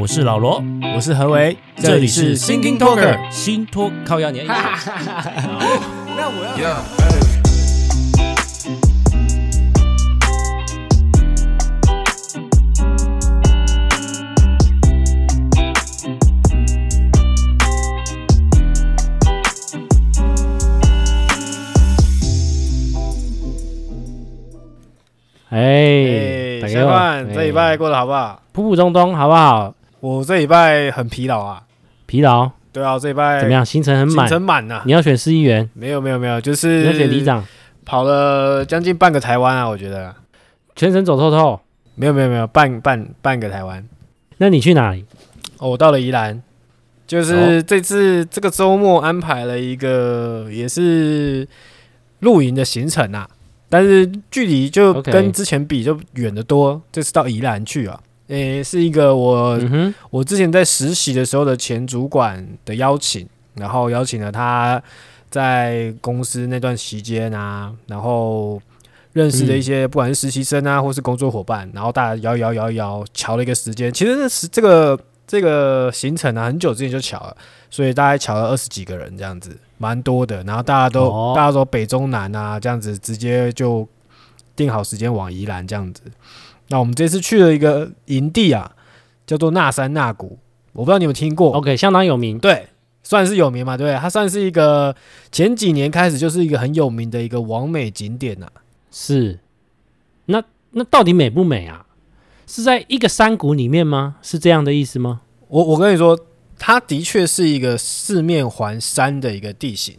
我是老羅，我是何為，這裡是 Thinking Talker 辛托客壓年。哦、 哎，小范，這禮、哎哎哎、拜過得好不好？普普通通，好不好？我這禮拜很疲勞啊，疲勞。對啊，這禮拜怎麼樣？行程很滿，行程滿呐啊。你要選市議員？沒有沒有沒有，就是要選里長。跑了將近半個台灣啊，我覺得，全程走透透。沒有沒有沒有，半半半個台灣。那你去哪裡？哦，我到了宜蘭，就是這次這個周末安排了一個也是露營的行程啊，但是距離就跟之前比就遠得多，okay. 這次到宜蘭去啊。誒，是一個我、嗯、我之前在實習的時候的前主管的邀請，然後邀請了他在公司那段期間啊，然後認識的一些、嗯、不管是實習生啊，或是工作夥伴，然後大家搖一搖搖一搖，敲了一個時間。其實那時、這個這個行程啊，很久之前就敲了，所以大概敲了二十幾個人這樣子，蠻多的。然後大家都、哦、大家都北中南啊這樣子，直接就定好時間往宜蘭這樣子。那我們這次去了一個營地啊，叫做那山那谷，我不知道你們有聽過，OK，相當有名，對，算是有名嘛，對，它算是一個前幾年開始就是一個很有名的一個網美景點吶、啊。是，那那到底美不美啊？是在一個山谷裡面嗎？是這樣的意思嗎？我我跟你說，它的確是一個四面環山的一個地形，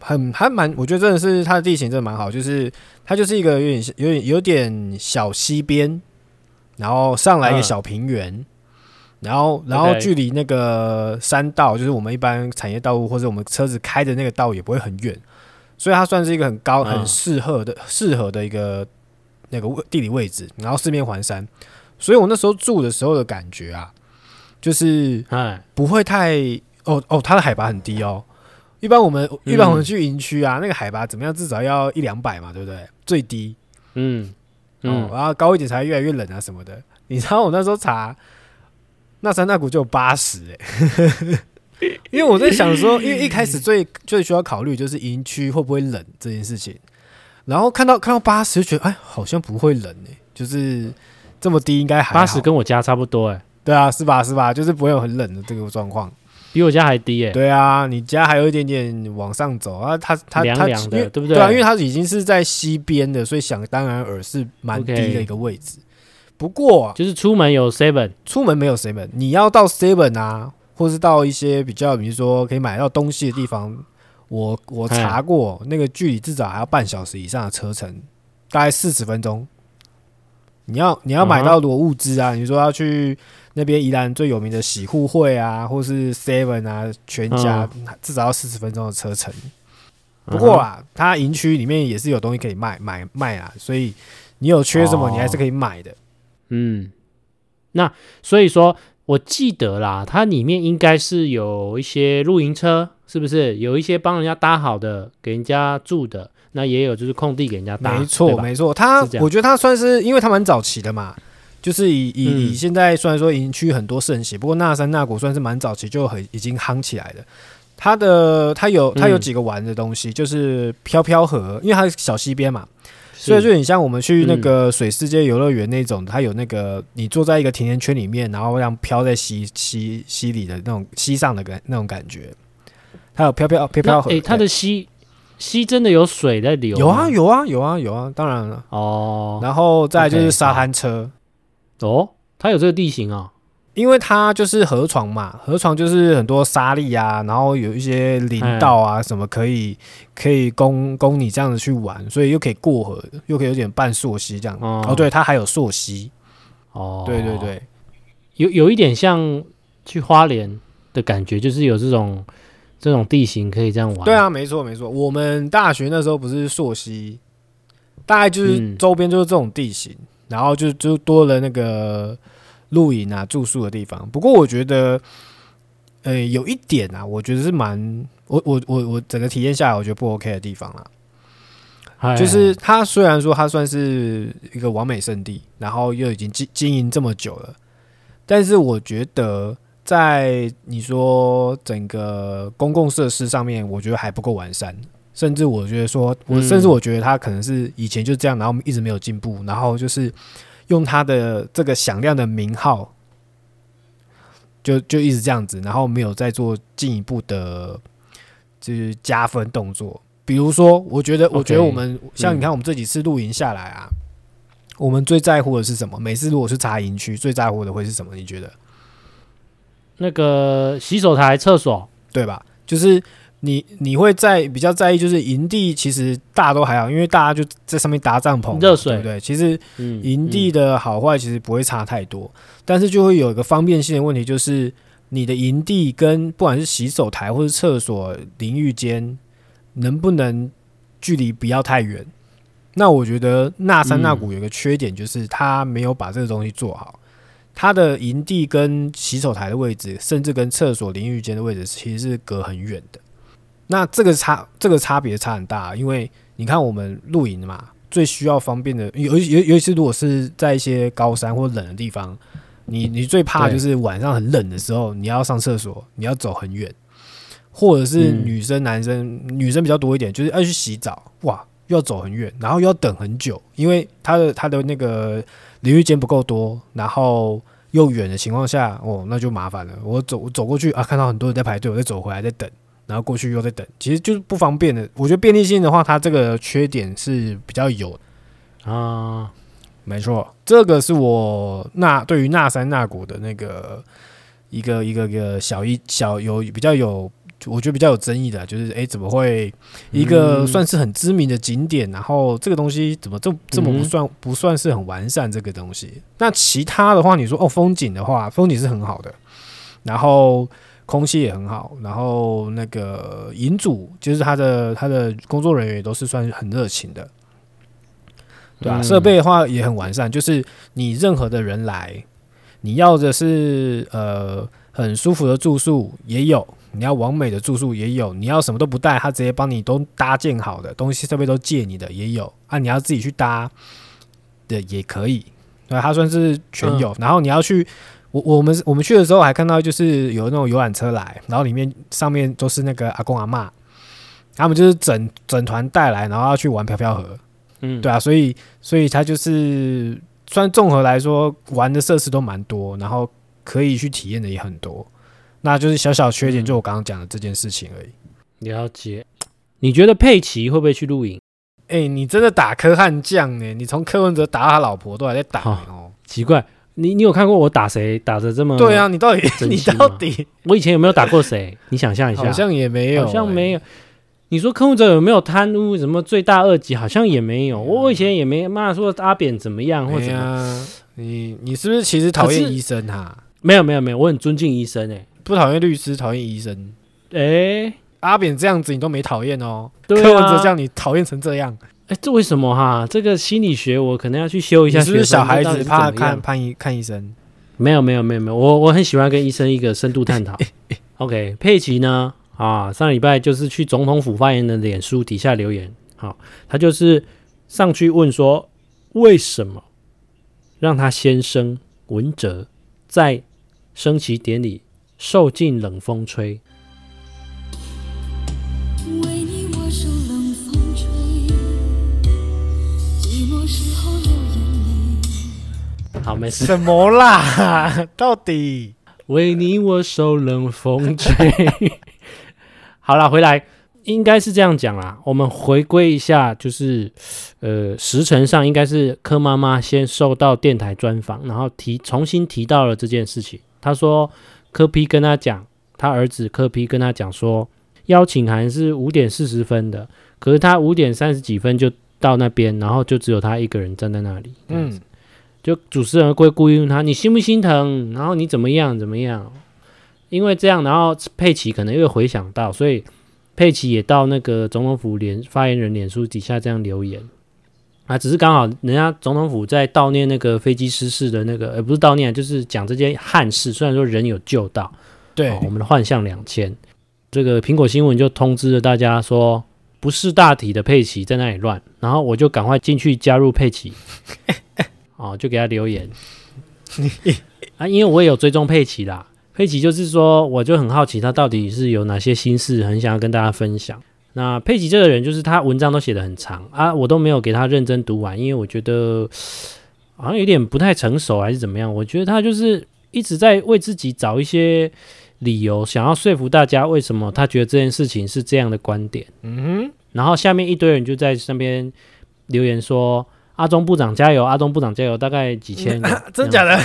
很還蠻，我覺得真的是它的地形真的蠻好的，就是。它就是一個有點、有點、有點小溪邊，然後上來一個小平原，然後然後距離那個山道，就是我們一般產業道路或者我們車子開的那個道路也不會很遠，所以它算是一個很高、很適合的、適合的一個那個位地理位置，然後四面環山，所以我那時候住的時候的感覺啊，就是，不會太哦哦，它的海拔很低哦、喔。一般我們一般我們去營區啊、嗯，那個海拔怎麼樣？至少要一兩百嘛，對不對？最低，嗯，然、嗯、後、嗯啊、高一點才會越來越冷啊什麼的。你知道我那時候查那山那谷就有八十、欸，哎， 因為我在想說， 因為一開始最最需要考慮就是營區會不會冷這件事情。然後看到看到八十，就覺得哎、欸，好像不會冷哎、欸，就是這麼低應該還好，八十跟我家差不多哎、欸，對啊，是吧？是吧？就是不會有很冷的這個狀況。比我家還低哎、欸。對啊，你家還有一點點往上走啊，它它涼涼的，對不對？對啊，因為它已經是在西邊的，所以想當然耳是蠻低的一個位置。Okay. 不過，就是出門有 seven，出門沒有 seven，你要到 seven 啊，或是到一些比較，比如說可以買到東西的地方，我我查過、哎、那個距離至少還要半小時以上的車程，大概四十分鐘。你要你要買到多物資啊、uh-huh？你說要去？那邊宜蘭最有名的喜互惠啊，或是 Seven 啊、全家，至少要四十分鐘的車程。嗯、不過啊、嗯，它營區裡面也是有東西可以賣買賣啊，所以你有缺什麼，你還是可以買的。哦、嗯，那所以說我記得啦，它裡面應該是有一些露營車，是不是？有一些幫人家搭好的給人家住的，那也有就是空地給人家搭。沒錯，沒錯，它我覺得它算是，因為它蠻早期的嘛。就是以以以現在雖然說已經去很多聖寫、嗯，不過那山那谷算是蠻早期就很已經夯起來的。它的它有它有幾個玩的東西，嗯，就是飄飄河，因為它是小溪邊嘛，所以就很像我們去那個水世界遊樂園那種，嗯，它有那個你坐在一個甜甜圈裡面，然後讓飄在溪溪溪裡的那種溪上的感那種感覺。它有飄飄飄飄河，哎，欸，它的溪溪真的有水在流？有啊有啊有啊有啊，當然了哦。然後再來就是沙灘車。Okay, 哦，它有這個地形哦，因為它就是河床嘛，河床就是很多沙礫啊，然後有一些林道啊什麼可以可以供供你這樣子去玩，所以又可以過河，又可以有點半溯溪這樣哦。哦，對，它還有溯溪。哦，對對對，有有一點像去花蓮的感覺，就是有這種這種地形可以這樣玩。對啊，沒錯沒錯，我們大學那時候不是溯溪，大概就是周邊就是這種地形。嗯然後就就多了那個露營啊、住宿的地方。不過我覺得，呃，有一點啊，我覺得是蠻我我我我整個體驗下來我覺得不 OK 的地方啦、啊。就是它雖然說它算是一個完美勝地，然後又已經經經營這麼久了，但是我覺得在你說整個公共設施上面，我覺得還不夠完善。甚至我覺得說，我甚至我覺得他可能是以前就這樣，然後一直沒有進步，然後就是用他的這個響亮的名號，就就一直這樣子，然後沒有再做進一步的，就是加分動作。比如說，我覺得，我覺得我們像你看，我們這幾次露營下來啊，我們最在乎的是什麼？每次如果是查營區，最在乎的會是什麼？你覺得？那個洗手台、廁所，對吧？就是。你你會在比較在意，就是營地其實大家都還好，因為大家就在上面搭帳篷，熱水對不對？其實營地的好壞其實不會差太多，但是就會有一個方便性的問題，就是你的營地跟不管是洗手台或是廁所、淋浴間能不能距離不要太遠。那我覺得那山那谷有個缺點，就是他沒有把這個東西做好，他的營地跟洗手台的位置，甚至跟廁所、淋浴間的位置其實是隔很遠的。那這個差這個差別差很大，因為你看我們露營嘛，最需要方便的，尤尤尤其是如果是在一些高山或冷的地方，你你最怕就是晚上很冷的時候，你要上廁所，你要走很遠，或者是女生男生女生比較多一點，就是要去洗澡，哇，又要走很遠，然後又要等很久，因為他的他的那個淋浴間不夠多，然後又遠的情況下，哦，那就麻煩了。我走我走過去啊，看到很多人在排隊，我就走回來在等。然後過去又在等，其實就是不方便的。我覺得便利性的話，它這個缺點是比較有啊、嗯，沒錯，這個是我那對於那山那谷的那個一個一個一個小一小有比較有，我覺得比較有爭議的，就是哎，怎麼會一個算是很知名的景點，嗯、然後這個東西怎麼這這麼不算不算是很完善？這個東西、嗯，那其他的話，你說哦，風景的話，風景是很好的，然後。空氣也很好，然後那個營主就是他的他的工作人員也都是算很熱情的，對吧、啊？嗯、設備的話也很完善，就是你任何的人來，你要的是呃很舒服的住宿也有，你要完美的住宿也有，你要什麼都不帶，他直接幫你都搭建好的東西設備都借你的也有啊，你要自己去搭的也可以，對、啊，他算是全有。嗯、然後你要去。我我們我們去的時候還看到，就是有那種遊覽車來，然後裡面上面都是那個阿公阿嬤，他們就是整整團帶來，然後要去玩漂漂河，嗯，對啊，所以所以他就是，算是綜合來說，玩的設施都蠻多，然後可以去體驗的也很多，那就是小小缺點，就我剛剛講的這件事情而已。了解，你覺得佩奇會不會去露營？哎、欸，你真的打柯漢將呢、欸？你從柯文哲打到他老婆都還在打、欸、哦,哦，奇怪。你你有看過我打誰打得這麼？對啊，你到底你到底我以前有沒有打過誰？你想象一下， 好像也沒有、欸，好像沒有。你說柯文哲有沒有貪污？什麼罪大惡極？好像也沒有。我以前也沒罵說阿扁怎麼樣或者、啊。你你是不是其實討厭醫生哈、啊，沒有沒有沒有，我很尊敬醫生誒、欸，不討厭律師，討厭醫生哎、欸。阿扁這樣子你都沒討厭哦，對啊。柯文哲像你討厭成這樣。哎，這為什麼哈？這個心理學我可能要去修一下學。是不是小孩子怕看，看醫看醫生？沒有沒有沒有沒有，我我很喜歡跟醫生一個深度探討。 OK，佩奇呢啊，上禮拜就是去總統府發言的臉書底下留言，好、啊，他就是上去問說為什麼讓他先生文哲在升旗典禮受盡冷風吹。好沒事。什麼啦？ 到底為你我受冷風吹。 好了，回來應該是這樣講啦。我們回歸一下，就是呃，時辰上應該是柯媽媽先收到電台專訪，然後提重新提到了這件事情。他說柯 P 跟他講，他兒子柯 P 跟他講說，邀請函是五點四十分的，可是他五點三十幾分就到那邊，然後就只有他一個人站在那裡。嗯。就主持人會故意問他，你心不心疼？然後你怎麼樣怎麼樣？因為這樣，然後佩奇可能又回想到，所以佩奇也到那個總統府臉發言人臉書底下這樣留言啊。只是剛好人家總統府在悼念那個飛機失事的那個，而、呃、不是悼念，就是講這件憾事。雖然說人有救到，對，哦、我們的幻象兩千，這個蘋果新聞就通知了大家說不是大體的佩奇在那裡亂，然後我就趕快進去加入佩奇。 哦，就給他留言、欸欸、啊，因為我也有追蹤佩奇啦。佩奇就是說，我就很好奇他到底是有哪些心事，很想要跟大家分享。那佩奇這個人，就是他文章都寫得很長啊，我都沒有給他認真讀完，因為我覺得好像有點不太成熟，還是怎麼樣？我覺得他就是一直在為自己找一些理由，想要說服大家為什麼他覺得這件事情是這樣的觀點。嗯哼，然後下面一堆人就在上面留言說。阿中部長加油，阿中部長加油，大概幾千，真假的？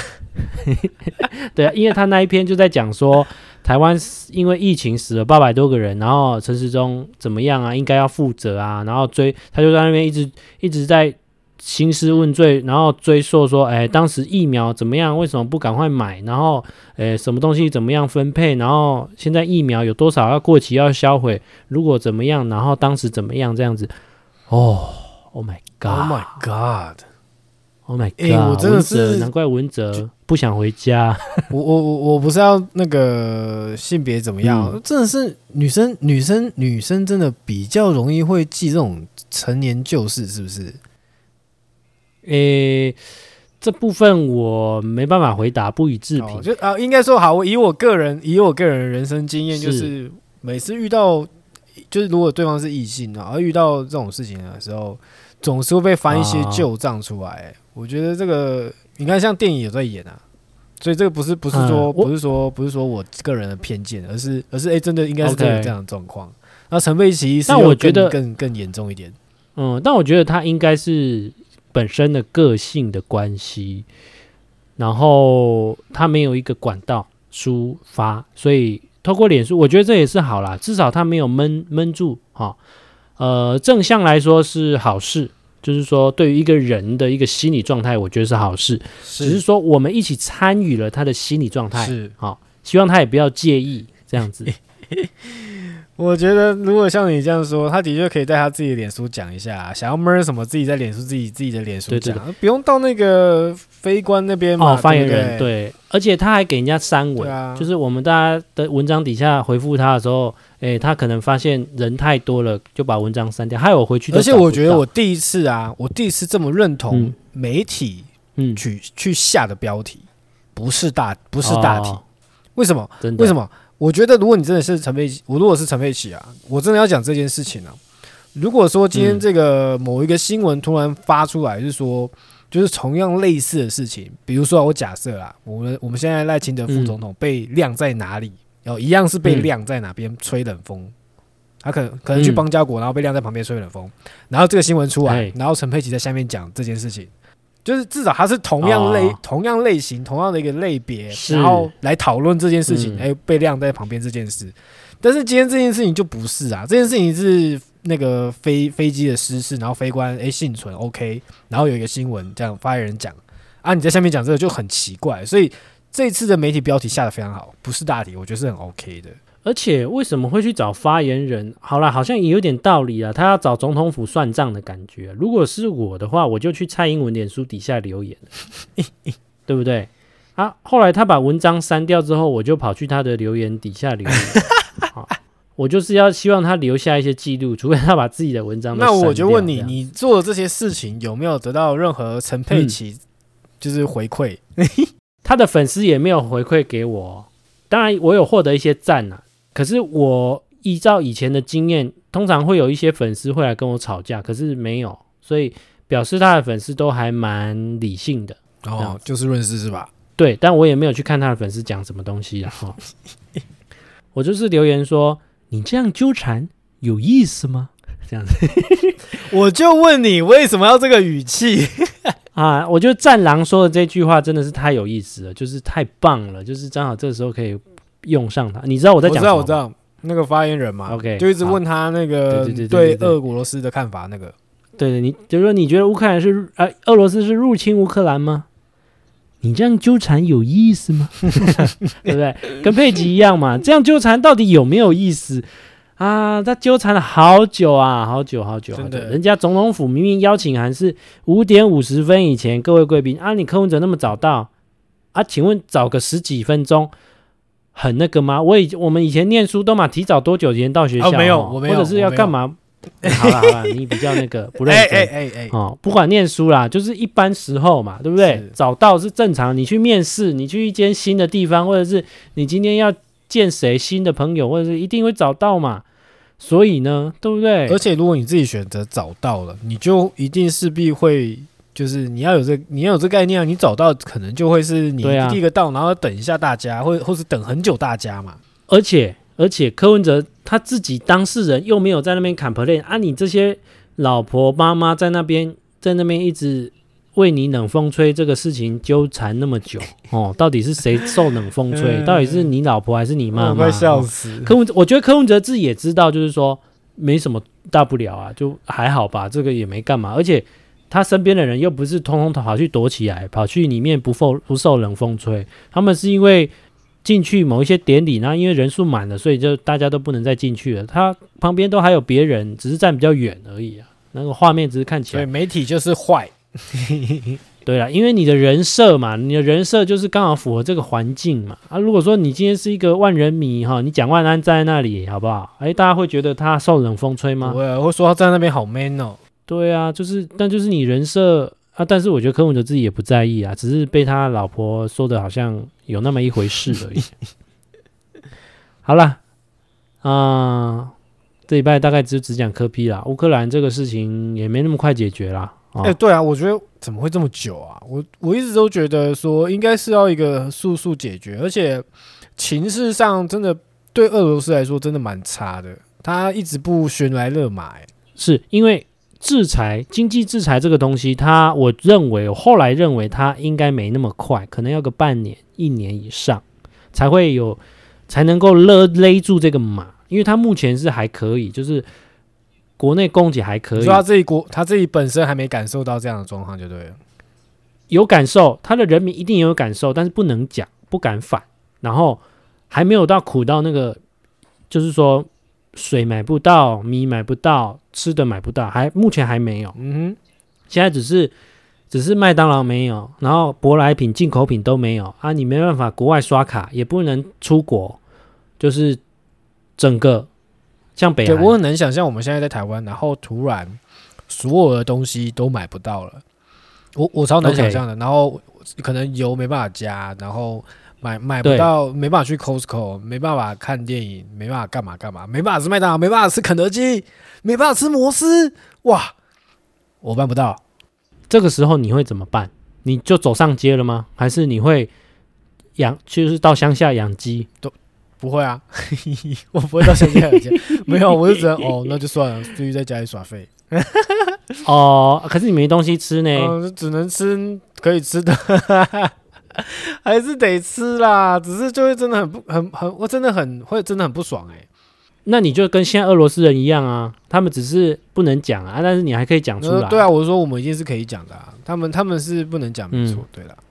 對啊，因為他那一篇就在講說，台灣因為疫情死了八百多個人，然後陳時中怎麼樣啊？應該要負責啊，然後追他就在那邊一直一直在興師問罪，然後追溯說，哎、欸，當時疫苗怎麼樣？為什麼不趕快買？然後，哎、欸，什麼東西怎麼樣分配？然後現在疫苗有多少要過期要銷毀？如果怎麼樣？然後當時怎麼樣？這樣子，哦。Oh my God! Oh my God! Oh my God! 哎，我真的是難怪文哲不想回家。我我我我不是要那個性別怎麼樣、嗯？真的是女生女生女生真的比較容易會記這種陳年舊事，是不是？誒、欸，這部分我沒辦法回答，不予置評。就啊，應該說好，我以我、以我個人以我個人人生經驗，就是每次遇到。就是如果對方是異性啊，而遇到這種事情的時候，總是會被翻一些舊賬出來、欸啊。我覺得這個，你看像電影也在演啊，所以這個不是不是說、嗯、不是說不是說，不是說我個人的偏見，而是而是哎、欸，真的應該是會有這樣的狀況。Okay, 那陳佩琪，那我覺得更更嚴重一點。嗯，但我覺得他應該是本身的個性的關係，然後他沒有一個管道抒發，所以。透過臉書，我覺得這也是好啦。至少他沒有悶悶住好、哦、呃，正向來說是好事，就是說對於一個人的一個心理狀態，我覺得是好事是。只是說我們一起參與了他的心理狀態，是好、哦，希望他也不要介意這樣子。 我覺得，如果像你這樣說，他的確可以在他自己的臉書講一下，啊，想要悶什麼，自己在臉書自己自己的臉書講，對對對不用到那個非官那邊嘛。哦、對對發言人對，而且他還給人家刪文，啊，就是我們大家的文章底下回復他的時候，哎，他可能發現人太多了，就把文章刪掉。害我回去，而且我覺得我第一次啊，我第一次這麼認同媒體，嗯，去去下的標題不是大不是大題，為什麼？真的。為什麼？我覺得，如果你真的是陳佩琪，我如果是陳佩琪啊，我真的要講這件事情啊。如果說今天這個某一個新聞突然發出來，就是說，就是同樣類似的事情，比如說，我假設啦，我們我們現在賴清德副總統被晾在哪裡，然後一樣是被晾在哪邊吹冷風，他可能可能去邦交國，然後被晾在旁邊吹冷風，然後這個新聞出來，然後陳佩琪在下面講這件事情。就是至少它是同樣類、oh. 同樣類型、同樣的一個類別，然後來討論這件事情。誒、嗯欸，被晾在旁邊這件事，但是今天這件事情就不是啊。這件事情是那個飛飛機的失事，然後飛官哎、欸、倖存，OK，然後有一個新聞這樣，發言人講啊，你在下面講這個就很奇怪。所以這次的媒體標題下得非常好，不是大題，我覺得是很 OK 的。而且為什麼會去找發言人？好啦，好像也有點道理啊。他要找總統府算賬的感覺。如果是我的話，我就去蔡英文臉書底下留言， 對不對？啊，後來他把文章刪掉之後，我就跑去他的留言底下留言 好。我就是要希望他留下一些記錄，除非他把自己的文章刪掉。那我就問你，你做的這些事情有沒有得到任何陳佩琪就是回饋？嗯、 迴 他的粉絲也沒有回饋給我。當然，我有獲得一些讚啊。可是我依照以前的經驗，通常會有一些粉絲會來跟我吵架，可是沒有，所以表示他的粉絲都還蠻理性的。哦。就事論事是吧？對，但我也沒有去看他的粉絲講什麼東西了、哦、 我就是留言說：“你這樣糾纏有意思嗎？”這樣子， 我就問你為什麼要這個語氣 啊？我覺得戰狼說的這句話真的是太有意思了，就是太棒了，就是正好這個時候可以。用上他，你知道我在講什麼？我知道，我知道那個發言人嘛，OK，就一直問他那個對對對，對俄羅斯的看法，那個對對，你就是說你覺得烏克蘭是啊，俄羅斯是入侵烏克蘭嗎？你這樣糾纏有意思嗎？對不對？跟佩吉一樣嘛，這樣糾纏到底有沒有意思啊？他糾纏了好久啊，好久好久好久，人家總統府明明邀請函是五點五十分以前，各位貴賓啊，你柯文哲那麼早到啊？請問早個十幾分鐘。很那個嗎？我以我們以前唸書都嘛提早多久前到學校。哦？沒有，我沒有，或者是要幹嘛？好啦好啦， 你比較那個不認真欸欸欸欸。哦，不管唸書啦，就是一般時候嘛，對不對？找到是正常，你去面試，你去一間新的地方，或者是你今天要見誰新的朋友，或者是一定會找到嘛。所以呢，對不對？而且如果你自己選擇找到了，你就一定勢必會。就是你要有這，你要有這概念，啊，你找到可能就會是你第一個到，啊、然後等一下大家，或者或是等很久大家嘛。而且而且柯文哲他自己當事人又沒有在那邊 complain 啊，你這些老婆媽媽在那邊在那邊一直為你冷風吹這個事情糾纏那麼久 哦，到底是誰受冷風吹，嗯，到底是你老婆還是你媽媽？快笑死！嗯、柯文哲我覺得柯文哲自己也知道，就是說，沒什麼大不了啊，就還好吧，這個也沒幹嘛，而且。他身邊的人又不是通通跑去躲起來，跑去裡面不受不受冷風吹。他們是因為進去某一些典禮，然後因為人數滿了，所以就大家都不能再進去了。他旁邊都還有別人，只是站比較遠而已啊。那個畫面只是看起來，媒體就是壞。 對了，因為你的人設嘛，你的人設就是剛好符合這個環境嘛。啊，如果說你今天是一個萬人迷哈，你蔣萬安站在那裡好不好？哎、欸，大家會覺得他受冷風吹嗎？我也會，會說他站在那邊好 man 哦、喔。對啊，就是，但就是你人設啊，但是我覺得柯文哲自己也不在意啊，只是被他老婆說的好像有那麼一回事而已。 好了，啊、呃，這禮拜大概只只講科批啦，烏克蘭這個事情也沒那麼快解決啦。哎、哦欸，對啊，我覺得怎麼會這麼久啊？我我一直都覺得說應該是要一個速速解決，而且情勢上真的對俄羅斯來說真的蠻差的，他一直不懸崖勒馬、欸，是因為。制裁，經濟制裁這個東西，他我認為我後來認為他應該沒那麼快，可能要個半年一年以上才會有，才能夠勒勒住這個馬，因為他目前是還可以，就是國內供給還可以。他自己國，他自己本身還沒感受到這樣的狀況就對了。有感受，他的人民一定也有感受，但是不能講，不敢反，然後還沒有到苦到那個，就是說。水買不到，米買不到，吃的買不到，還目前還沒有。嗯哼，現在只是只是麥當勞沒有，然後舶來品、進口品都沒有啊！你沒辦法，國外刷卡也不能出國，就是整個像北韓。對，我很能想象我們現在在台灣，然後突然所有的東西都買不到了。我我超能想象的。Okay. 然後可能油沒辦法加，然後。買買不到，沒辦法去 Costco，沒辦法看電影，沒辦法幹嘛幹嘛，沒辦法吃麥當勞，沒辦法吃肯德基，沒辦法吃摩斯，哇，我辦不到。這個時候你會怎麼辦？你就走上街了嗎？還是你會養，就是到鄉下養雞？都不會啊， 我不會到鄉下養雞。 沒有，我就只能哦，那就算了，至於在家裡耍廢 哦，可是你沒東西吃呢，哦、只能吃可以吃的。 還是得吃啦，只是就會真的很不很很，我真的很會真的很不爽哎、欸。那你就跟現在俄羅斯人一樣啊，他們只是不能講啊，但是你還可以講出來。呃、對啊，我是說我們一定是可以講的啊，他們他們是不能講，沒錯，嗯、對啦、啊。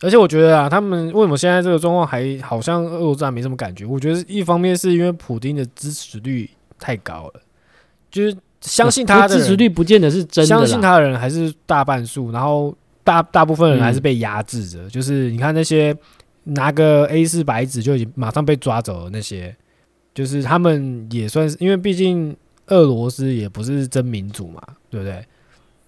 而且我覺得啊，他們為什麼現在這個狀況還好像俄羅斯人沒什麼感覺？我覺得一方面是因為普丁的支持率太高了，就是相信他的人、呃、支持率不見得是真的，相信他的人還是大半數。然後。大大部分人還是被壓制着，嗯，就是你看那些拿個 A 四白紙就已經馬上被抓走的那些，就是他們也算是，因為畢竟俄羅斯也不是真民主嘛，對不對？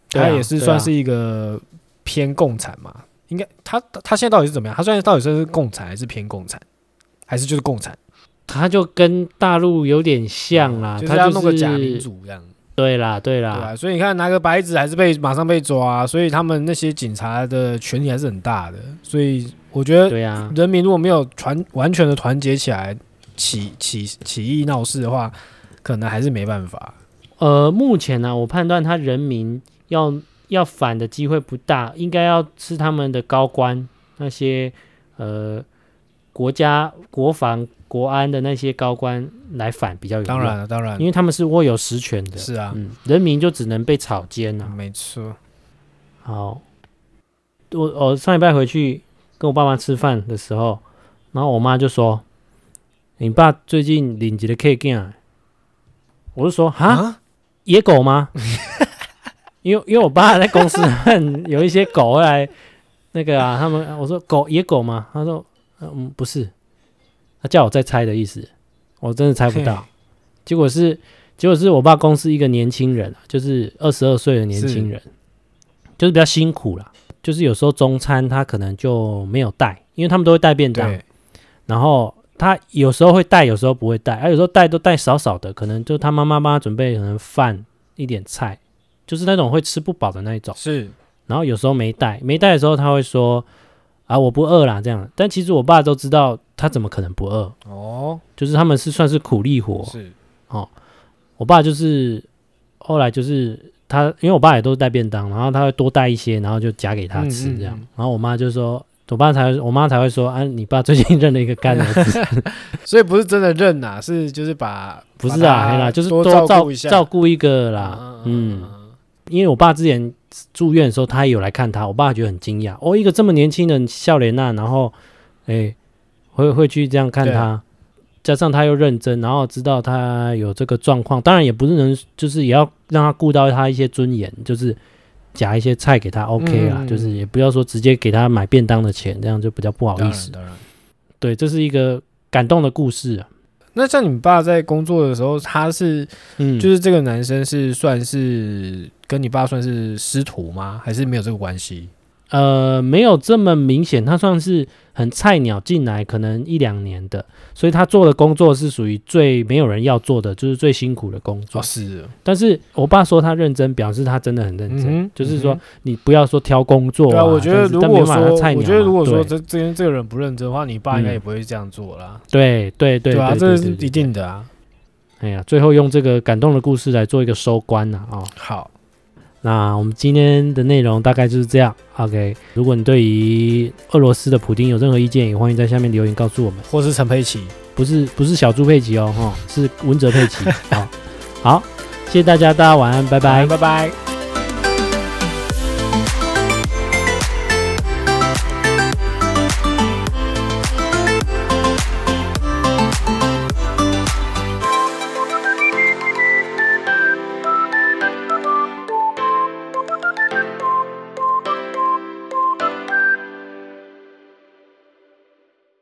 他也是算是一個偏共產嘛，應該他他現在到底是怎麼樣？他算是到底算是共產還是偏共產，還是就是共產？他就跟大陸有點像啦，他、嗯、就是要弄個假民主一樣。對啦，對啦，啊、所以你看，拿個白紙還是被馬上被抓，啊，所以他們那些警察的權力還是很大的。所以我覺得，對呀，人民如果沒有全完全的團結起來起起起起義鬧事的話，可能還是沒辦法。呃，目前呢、啊，我判斷他人民要要反的機會不大，應該要是他們的高官那些呃國家國防。國安的那些高官來反比較有，當然了，當然了，因為他們是握有實權的。是啊，嗯，人民就只能被草菅了。沒錯。好，我我上禮拜回去跟我爸媽吃飯的時候，然後我媽就說：“嗯、你爸最近領級的 K 啊。”我就說：“啊，野狗嗎？” 因為因為我爸在公司有一些狗來， 那個啊，他們我說狗野狗嗎？他說：“嗯，不是。”他、啊、叫我再猜的意思，我真的猜不到。Okay. 結果是，結果是我爸公司一個年輕人，就是二十二歲的年輕人，就是比較辛苦了。就是有時候中餐他可能就沒有帶，因為他們都會帶便當。然後他有時候會帶，有時候不會帶，哎、啊，有時候帶都帶少少的，可能就他媽媽幫他準備可能飯一點菜，就是那種會吃不飽的那一種。是，然後有時候沒帶，沒帶的時候他會說。啊，我不餓啦，這樣。但其實我爸都知道，他怎麼可能不餓？哦，就是他們是算是苦力活，是哦。我爸就是後來就是他，因為我爸也都是帶便當，然後他會多帶一些，然後就夾給他吃嗯嗯嗯這樣。然後我媽就說，我爸才，我媽才會說啊，你爸最近認了一個乾兒子， 所以不是真的認吶、啊，是就是把不是啊，就是多照顧一下，照顧一個啦，嗯,嗯,嗯,嗯,嗯,嗯，因為我爸之前。住院的時候，他也有來看他，我爸覺得很驚訝。哦，一個這麼年輕人，笑臉吶，然後，誒會會去這樣看他，啊，加上他又認真，然後知道他有這個狀況，當然也不是能，就是也要讓他顧到他一些尊嚴，就是夾一些菜給他，OK 啦，嗯嗯，就是也不要說直接給他買便當的錢，這樣就比較不好意思。對，這是一個感動的故事，啊。那像你爸在工作的時候，他是，嗯，就是這個男生是算是跟你爸算是師徒嗎？還是沒有這個關係？呃，沒有這麼明顯，他算是很菜鳥進來，可能一兩年的，所以他做的工作是屬於最沒有人要做的，就是最辛苦的工作。是但是，我爸說他認真，表示他真的很認真，嗯、就是說、嗯、你不要說挑工作、啊啊。但沒我覺得如果說他菜鳥、啊、我覺得如果說這這個人不認真的話，你爸應該也不會這樣做啦。嗯、對,對,對,對,對,對,對對對，對啊，這是一定的啊。哎呀、啊，最後用這個感動的故事來做一個收官了啊、哦。好。那我們今天的內容大概就是這樣，OK。如果你對於俄羅斯的普丁有任何意見，也歡迎在下面留言告訴我們。或是陳佩奇，不是不是小豬佩奇哦， 哦是文哲佩奇。 好，好，謝謝大家，大家晚安，拜拜，拜拜。